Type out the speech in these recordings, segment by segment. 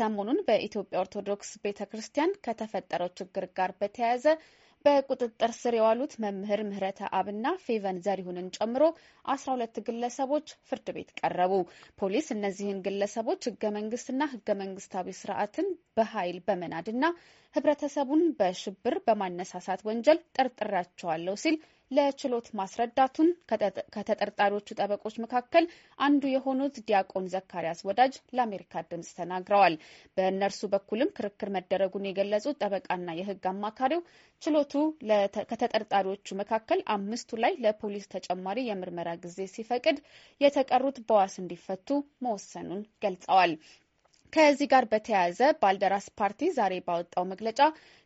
ሰሞኑን በኢትዮጵያ ኦርቶዶክስ ቤተ ክርስቲያን ከተፈጠረው ችግር ጋር በተያያዘ በቁጥጥር ስር የዋሉት መምህር ምህረተ አብና ፌቨን ዘሪሁንን ጨምሮ አስራ ሁለት ግለሰቦች ፍርድ ቤት ቀረቡ። ፖሊስ እነዚህን ግለሰቦች ህገ መንግስትና ህገ መንግስታዊ ስርዓትን በኃይል በመናድና ህብረተሰቡን በሽብር በማነሳሳት ወንጀል ጠርጥሬያቸዋለሁ ሲል ለችሎት ማስረዳቱን ከተጠርጣሪዎቹ ጠበቆች መካከል አንዱ የሆኑት ዲያቆን ዘካሪያስ ወዳጅ ለአሜሪካ ድምጽ ተናግረዋል። በእነርሱ በኩልም ክርክር መደረጉን የገለጹት ጠበቃና የህግ አማካሪው ችሎቱ ከተጠርጣሪዎቹ መካከል አምስቱ ላይ ለፖሊስ ተጨማሪ የምርመራ ጊዜ ሲፈቅድ የተቀሩት በዋስ እንዲፈቱ መወሰኑን ገልጸዋል። ከዚህ ጋር በተያያዘ ባልደራስ ፓርቲ ዛሬ ባወጣው መግለጫ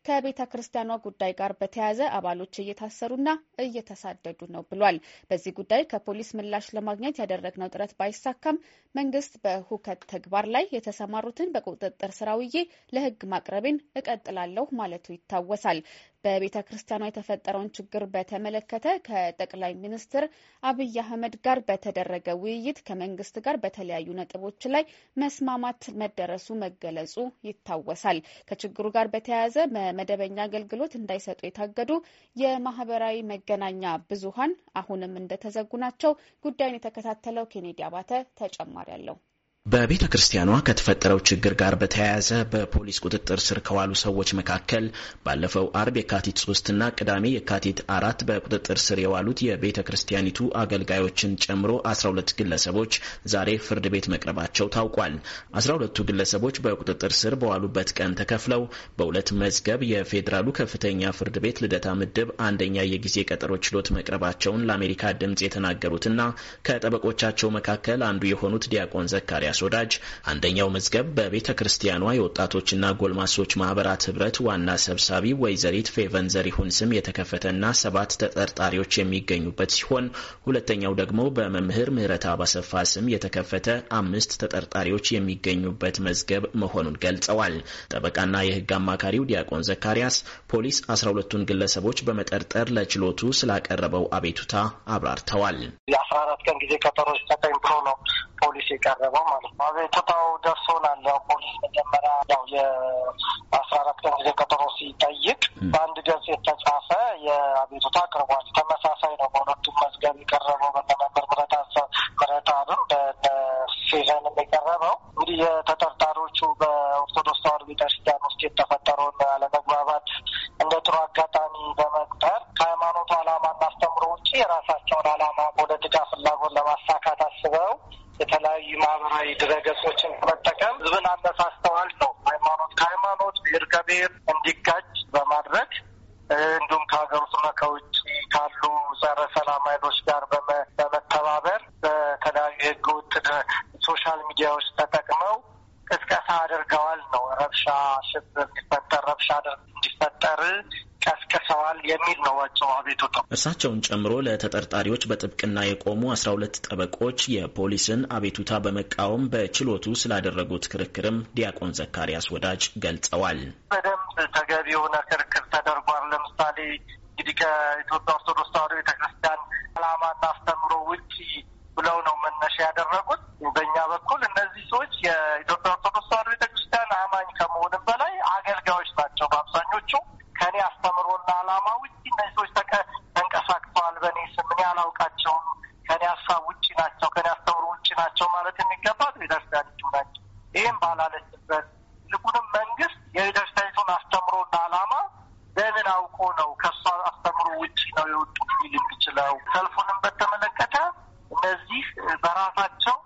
ከቤተ ክርስቲያኗ ጉዳይ ጋር በተያያዘ አባሎች እየታሰሩና እየተሳደዱ ነው ብሏል። በዚህ ጉዳይ ከፖሊስ ምላሽ ለማግኘት ያደረግነው ጥረት ባይሳካም መንግስት በሁከት ተግባር ላይ የተሰማሩትን በቁጥጥር ስር አውዬ ለህግ ማቅረቤን እቀጥላለሁ ማለቱ ይታወሳል። በቤተ ክርስቲያኗ የተፈጠረውን ችግር በተመለከተ ከጠቅላይ ሚኒስትር አብይ አህመድ ጋር በተደረገ ውይይት ከመንግስት ጋር በተለያዩ ነጥቦች ላይ መስማማት መደረሱ መገለጹ ይታወሳል። ከችግሩ ጋር በተያያዘ መደበኛ አገልግሎት እንዳይሰጡ የታገዱ የማህበራዊ መገናኛ ብዙሀን አሁንም እንደተዘጉ ናቸው። ጉዳዩን የተከታተለው ኬኔዲ አባተ ተጨማሪ አለው። በቤተ ክርስቲያኗ ከተፈጠረው ችግር ጋር በተያያዘ በፖሊስ ቁጥጥር ስር ከዋሉ ሰዎች መካከል ባለፈው አርብ የካቲት ሶስትና ቅዳሜ የካቲት አራት በቁጥጥር ስር የዋሉት የቤተ ክርስቲያኒቱ አገልጋዮችን ጨምሮ 12 ግለሰቦች ዛሬ ፍርድ ቤት መቅረባቸው ታውቋል። 12ቱ ግለሰቦች በቁጥጥር ስር በዋሉበት ቀን ተከፍለው በሁለት መዝገብ የፌዴራሉ ከፍተኛ ፍርድ ቤት ልደታ ምድብ አንደኛ የጊዜ ቀጠሮ ችሎት መቅረባቸውን ለአሜሪካ ድምፅ የተናገሩትና ከጠበቆቻቸው መካከል አንዱ የሆኑት ዲያቆን ዘካሪያ ኢሳያስ ወዳጅ አንደኛው መዝገብ በቤተ ክርስቲያኗ የወጣቶችና ጎልማሶች ማህበራት ህብረት ዋና ሰብሳቢ ወይዘሪት ፌቨን ዘሪሁን ስም የተከፈተና ሰባት ተጠርጣሪዎች የሚገኙበት ሲሆን ሁለተኛው ደግሞ በመምህር ምህረት አባሰፋ ስም የተከፈተ አምስት ተጠርጣሪዎች የሚገኙበት መዝገብ መሆኑን ገልጸዋል። ጠበቃና የህግ አማካሪው ዲያቆን ዘካሪያስ ፖሊስ አስራ ሁለቱን ግለሰቦች በመጠርጠር ለችሎቱ ስላቀረበው አቤቱታ አብራርተዋል። የአስራ አራት ቀን ጊዜ ቀጠሮ ሲሰጠኝ ብሎ ነው ፖሊስ የቀረበው ማለት ነው። አቤቱታው ደርሶናል። ያው ፖሊስ መጀመሪያ ያው የአስራ አራት ቀን ጊዜ ቀጠሮ ሲጠይቅ በአንድ ገጽ የተጻፈ የአቤቱታ አቅርቧል። ተመሳሳይ ነው በሁለቱም መዝገብ የቀረበው በተመበር ብረታሰ ብረታብም በሴዘን የቀረበው እንግዲህ የተጠርጣሪዎቹ በኦርቶዶክስ ተዋሕዶ ቤተክርስቲያን ውስጥ የተፈጠረውን አለመግባባት እንደ ጥሩ አጋጣሚ በመቅጠር ከሃይማኖቱ ዓላማና እናስተምሮ ውጭ የራሳቸውን ዓላማ ፖለቲካ ፍላጎት ለማሳካት አስበው የተለያዩ ማህበራዊ ድረገጾችን በመጠቀም ህዝብን አነሳስተዋል ነው። ሃይማኖት ከሃይማኖት ብሄር ከብሄር እንዲጋጭ በማድረግ እንዲሁም ከሀገር ውስጥና ከውጭ ካሉ ጸረ ሰላም ኃይሎች ጋር በመተባበር በተለያዩ ህገወጥ ሶሻል ሚዲያዎች ተጠቅመው ቅስቀሳ አድርገዋል ነው። ረብሻ ሽብር እንዲፈጠር ረብሻ እንዲፈጠር ቀስቅሰዋል የሚል ነው ዋናው አቤቱታ። እርሳቸውን ጨምሮ ለተጠርጣሪዎች በጥብቅና የቆሙ አስራ ሁለት ጠበቆች የፖሊስን አቤቱታ በመቃወም በችሎቱ ስላደረጉት ክርክርም ዲያቆን ዘካሪያስ ወዳጅ ገልጸዋል። በደንብ ተገቢ የሆነ ክርክር ተደርጓል። ለምሳሌ እንግዲህ ከኢትዮጵያ ኦርቶዶክስ ተዋሕዶ ቤተክርስቲያን ዓላማና አስተምሮ ውጭ ብለው ነው መነሻ ያደረጉት። በእኛ በኩል እነዚህ ሰዎች የኢትዮጵያ ራሳቸው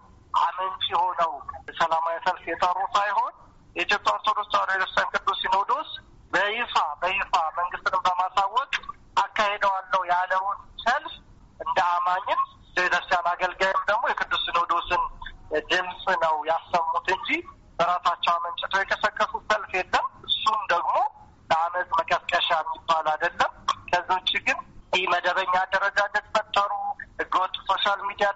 አመንጭ ሆነው ሰላማዊ ሰልፍ የጠሩ ሳይሆን የኢትዮጵያ ኦርቶዶክስ ተዋሕዶ ቤተክርስቲያን ቅዱስ ሲኖዶስ በይፋ በይፋ መንግስትንም በማሳወቅ አካሄደዋለሁ ያለውን ሰልፍ እንደ አማኝም ቤተክርስቲያን አገልጋይም ደግሞ የቅዱስ ሲኖዶስን ድምፅ ነው ያሰሙት እንጂ በራሳቸው አመንጭተው የቀሰቀሱት ሰልፍ የለም። እሱም ደግሞ ለአመፅ መቀስቀሻ የሚባል አይደለም። ከዚ ውጭ ግን መደበኛ አደረጃጀት ፈጠሩ፣ ህገወጥ ሶሻል ሚዲያ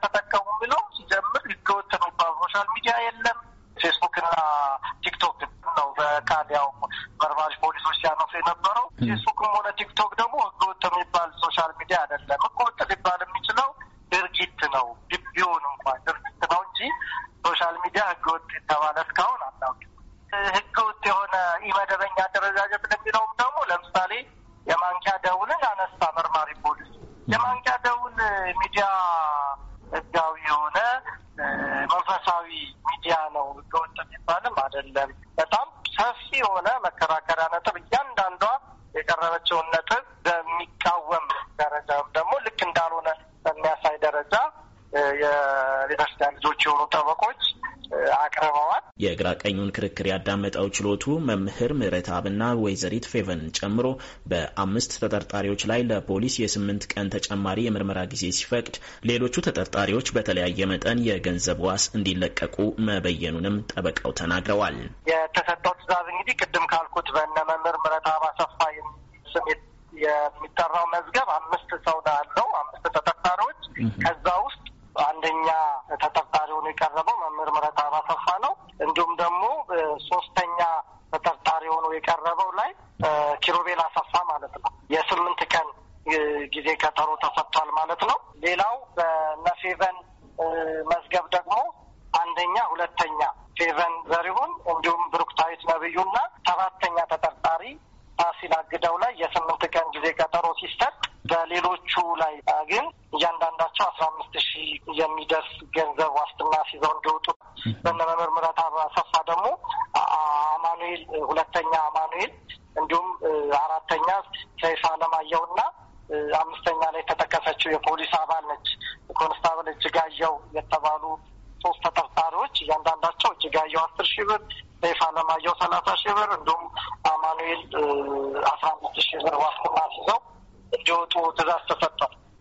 ፌስቡክም ሆነ ቲክቶክ ደግሞ ህገወጥ የሚባል ሶሻል ሚዲያ አይደለም። ያላቸውን ነጥብ በሚቃወም ደረጃ ደግሞ ልክ እንዳልሆነ በሚያሳይ ደረጃ የቤተክርስቲያን ልጆች የሆኑ ጠበቆች አቅርበዋል። የግራ ቀኙን ክርክር ያዳመጠው ችሎቱ መምህር አብና ወይዘሪት ፌቨንን ጨምሮ በአምስት ተጠርጣሪዎች ላይ ለፖሊስ የስምንት ቀን ተጨማሪ የምርመራ ጊዜ ሲፈቅድ ሌሎቹ ተጠርጣሪዎች በተለያየ መጠን የገንዘብ ዋስ እንዲለቀቁ መበየኑንም ጠበቃው ተናግረዋል። የተሰጠው ትዕዛዝ እንግዲህ ቅድም ካልኩት በእነ መምህር አብ አሰፋ ስም የሚጠራው መዝገብ አምስት ሰው አለው። አምስት ተጠርጣሪዎች ከዛ ውስጥ አንደኛ ተጠርጣሪ ሆኖ የቀረበው መምህር ምህረተአብ አሰፋ ነው። እንዲሁም ደግሞ ሶስተኛ ተጠርጣሪ ሆኖ የቀረበው ላይ ኪሩቤል አሰፋ ማለት ነው የስምንት ቀን ጊዜ ቀጠሮ ተሰጥቷል ማለት ነው። ሌላው በነፌቨን መዝገብ ደግሞ አንደኛ፣ ሁለተኛ ፌቨን ዘሪሁን እንዲሁም ብሩክታዊት ነብዩና ሰባተኛ ተጠርጣሪ ፋሲል አግደው ላይ የስምንት ቀን ጊዜ ቀጠሮ ሲሰጥ በሌሎቹ ላይ ግን እያንዳንዳቸው አስራ አምስት ሺህ የሚደርስ ገንዘብ ዋስትና ሲዘው እንዲወጡ በእነ መምህር ምረት አሰፋ ደግሞ አማኑኤል ሁለተኛ አማኑኤል እንዲሁም አራተኛ ሰይፍ አለማየሁ እና አምስተኛ ላይ የተጠቀሰችው የፖሊስ አባል ነች ኮንስታብል እጅጋየው የተባሉ ሶስት ተጠርጣሪዎች እያንዳንዳቸው እጅጋየው አስር ሺህ ብር ሰይፍ አለማየሁ ሰላሳ ሺህ ብር እንዲሁም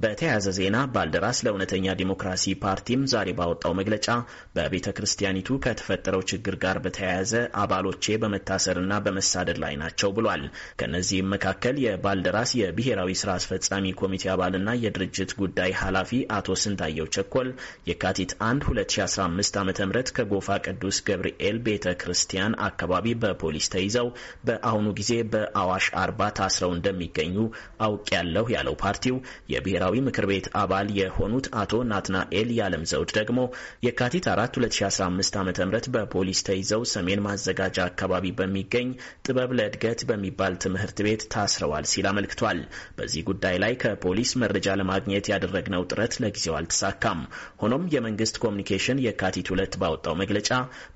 በተያያዘ ዜና ባልደራስ ለእውነተኛ ዲሞክራሲ ፓርቲም ዛሬ ባወጣው መግለጫ በቤተ ክርስቲያኒቱ ከተፈጠረው ችግር ጋር በተያያዘ አባሎቼ በመታሰርና በመሳደድ ላይ ናቸው ብሏል። ከእነዚህም መካከል የባልደራስ የብሔራዊ ስራ አስፈጻሚ ኮሚቴ አባልና የድርጅት ጉዳይ ኃላፊ አቶ ስንታየው ቸኮል የካቲት 1 2015 ዓ ም ከጎፋ ቅዱስ ገብርኤል ቤተ ክርስቲያን አካባቢ በፖሊስ ተይዘው በአሁኑ ጊዜ በአዋሽ አርባ ታስረው እንደሚገኙ አውቅ ያለሁ ያለው ፓርቲው የብሔራዊ የብሔራዊ ምክር ቤት አባል የሆኑት አቶ ናትናኤል ያለም ዘውድ ደግሞ የካቲት 4 2015 ዓ ም በፖሊስ ተይዘው ሰሜን ማዘጋጃ አካባቢ በሚገኝ ጥበብ ለእድገት በሚባል ትምህርት ቤት ታስረዋል ሲል አመልክቷል። በዚህ ጉዳይ ላይ ከፖሊስ መረጃ ለማግኘት ያደረግነው ጥረት ለጊዜው አልተሳካም። ሆኖም የመንግስት ኮሚኒኬሽን የካቲት ሁለት ባወጣው መግለጫ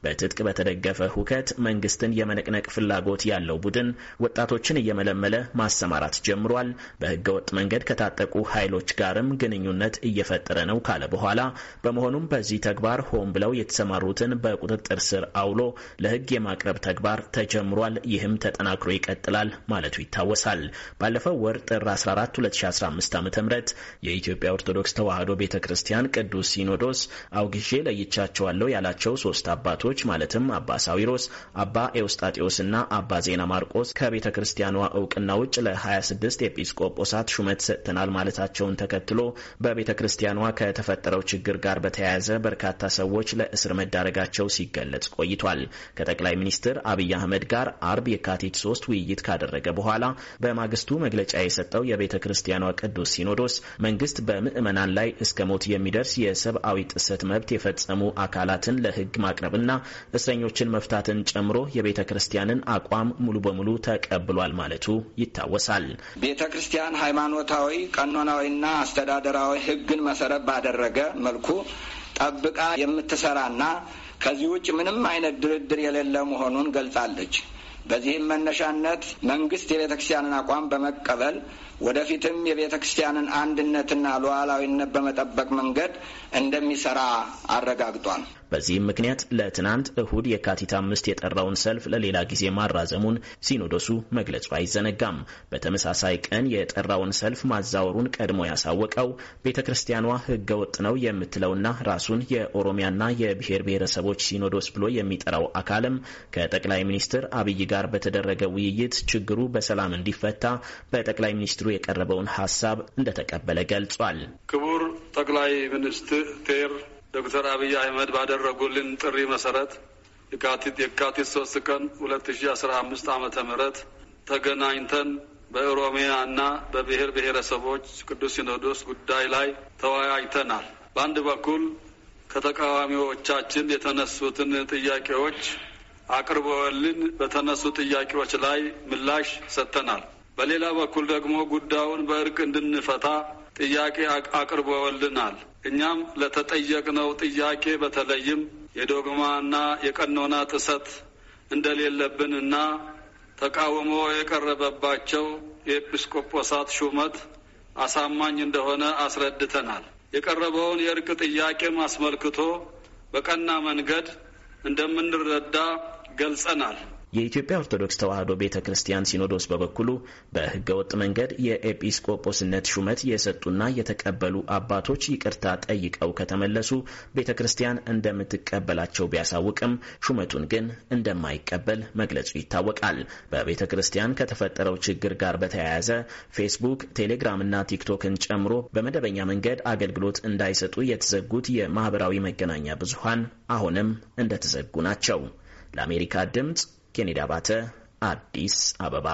በትጥቅ በተደገፈ ሁከት መንግስትን የመነቅነቅ ፍላጎት ያለው ቡድን ወጣቶችን እየመለመለ ማሰማራት ጀምሯል፣ በህገወጥ መንገድ ከታጠቁ ኃይሎች ኃይሎች ጋርም ግንኙነት እየፈጠረ ነው ካለ በኋላ በመሆኑም በዚህ ተግባር ሆን ብለው የተሰማሩትን በቁጥጥር ስር አውሎ ለሕግ የማቅረብ ተግባር ተጀምሯል። ይህም ተጠናክሮ ይቀጥላል ማለቱ ይታወሳል። ባለፈው ወር ጥር 14 2015 ዓ ም የኢትዮጵያ ኦርቶዶክስ ተዋሕዶ ቤተ ክርስቲያን ቅዱስ ሲኖዶስ አውግዤ ለይቻቸዋለሁ ያላቸው ሶስት አባቶች ማለትም አባ ሳዊሮስ፣ አባ ኤውስጣቴዎስ አባ ዜና ማርቆስ ከቤተ ክርስቲያኗ እውቅና ውጭ ለ26 ኤጲስቆጶሳት ሹመት ሰጥተናል ማለታቸውን መለቀቁን ተከትሎ በቤተ ክርስቲያኗ ከተፈጠረው ችግር ጋር በተያያዘ በርካታ ሰዎች ለእስር መዳረጋቸው ሲገለጽ ቆይቷል። ከጠቅላይ ሚኒስትር አብይ አህመድ ጋር አርብ የካቲት ሶስት ውይይት ካደረገ በኋላ በማግስቱ መግለጫ የሰጠው የቤተ ክርስቲያኗ ቅዱስ ሲኖዶስ መንግስት በምዕመናን ላይ እስከ ሞት የሚደርስ የሰብአዊ ጥሰት መብት የፈጸሙ አካላትን ለህግ ማቅረብና እስረኞችን መፍታትን ጨምሮ የቤተ ክርስቲያንን አቋም ሙሉ በሙሉ ተቀብሏል ማለቱ ይታወሳል። ቤተ ክርስቲያን ሃይማኖታዊ ቀኖናዊና ሕግና አስተዳደራዊ ሕግን መሰረት ባደረገ መልኩ ጠብቃ የምትሰራና ከዚህ ውጭ ምንም አይነት ድርድር የሌለ መሆኑን ገልጻለች። በዚህም መነሻነት መንግስት የቤተ ክርስቲያንን አቋም በመቀበል ወደፊትም የቤተ ክርስቲያንን አንድነትና ሉዓላዊነት በመጠበቅ መንገድ እንደሚሰራ አረጋግጧል። በዚህም ምክንያት ለትናንት እሁድ የካቲት አምስት የጠራውን ሰልፍ ለሌላ ጊዜ ማራዘሙን ሲኖዶሱ መግለጹ አይዘነጋም። በተመሳሳይ ቀን የጠራውን ሰልፍ ማዛወሩን ቀድሞ ያሳወቀው ቤተ ክርስቲያኗ ህገ ወጥ ነው የምትለውና ራሱን የኦሮሚያና የብሔር ብሔረሰቦች ሲኖዶስ ብሎ የሚጠራው አካልም ከጠቅላይ ሚኒስትር አብይ ጋር በተደረገ ውይይት ችግሩ በሰላም እንዲፈታ በጠቅላይ ሚኒስትሩ የቀረበውን ሀሳብ እንደተቀበለ ገልጿል። ክቡር ጠቅላይ ሚኒስትር ዶክተር አብይ አህመድ ባደረጉልን ጥሪ መሰረት የካቲት የካቲት ሶስት ቀን ሁለት ሺ አስራ አምስት አመተ ምህረት ተገናኝተን በኦሮሚያ እና በብሔር ብሔረሰቦች ቅዱስ ሲኖዶስ ጉዳይ ላይ ተወያይተናል። በአንድ በኩል ከተቃዋሚዎቻችን የተነሱትን ጥያቄዎች አቅርበውልን በተነሱ ጥያቄዎች ላይ ምላሽ ሰጥተናል። በሌላ በኩል ደግሞ ጉዳዩን በእርቅ እንድንፈታ ጥያቄ አቅርበውልናል። እኛም ለተጠየቅነው ጥያቄ በተለይም የዶግማና የቀኖና ጥሰት እንደሌለብን እና ተቃውሞ የቀረበባቸው የኤጲስቆጶሳት ሹመት አሳማኝ እንደሆነ አስረድተናል። የቀረበውን የእርቅ ጥያቄም አስመልክቶ በቀና መንገድ እንደምንረዳ ገልጸናል። የኢትዮጵያ ኦርቶዶክስ ተዋሕዶ ቤተ ክርስቲያን ሲኖዶስ በበኩሉ በህገወጥ መንገድ የኤጲስቆጶስነት ሹመት የሰጡና የተቀበሉ አባቶች ይቅርታ ጠይቀው ከተመለሱ ቤተ ክርስቲያን እንደምትቀበላቸው ቢያሳውቅም ሹመቱን ግን እንደማይቀበል መግለጹ ይታወቃል። በቤተ ክርስቲያን ከተፈጠረው ችግር ጋር በተያያዘ ፌስቡክ፣ ቴሌግራምና ቲክቶክን ጨምሮ በመደበኛ መንገድ አገልግሎት እንዳይሰጡ የተዘጉት የማህበራዊ መገናኛ ብዙሃን አሁንም እንደተዘጉ ናቸው። ለአሜሪካ ድምፅ ኬኔዲ አባተ አዲስ አበባ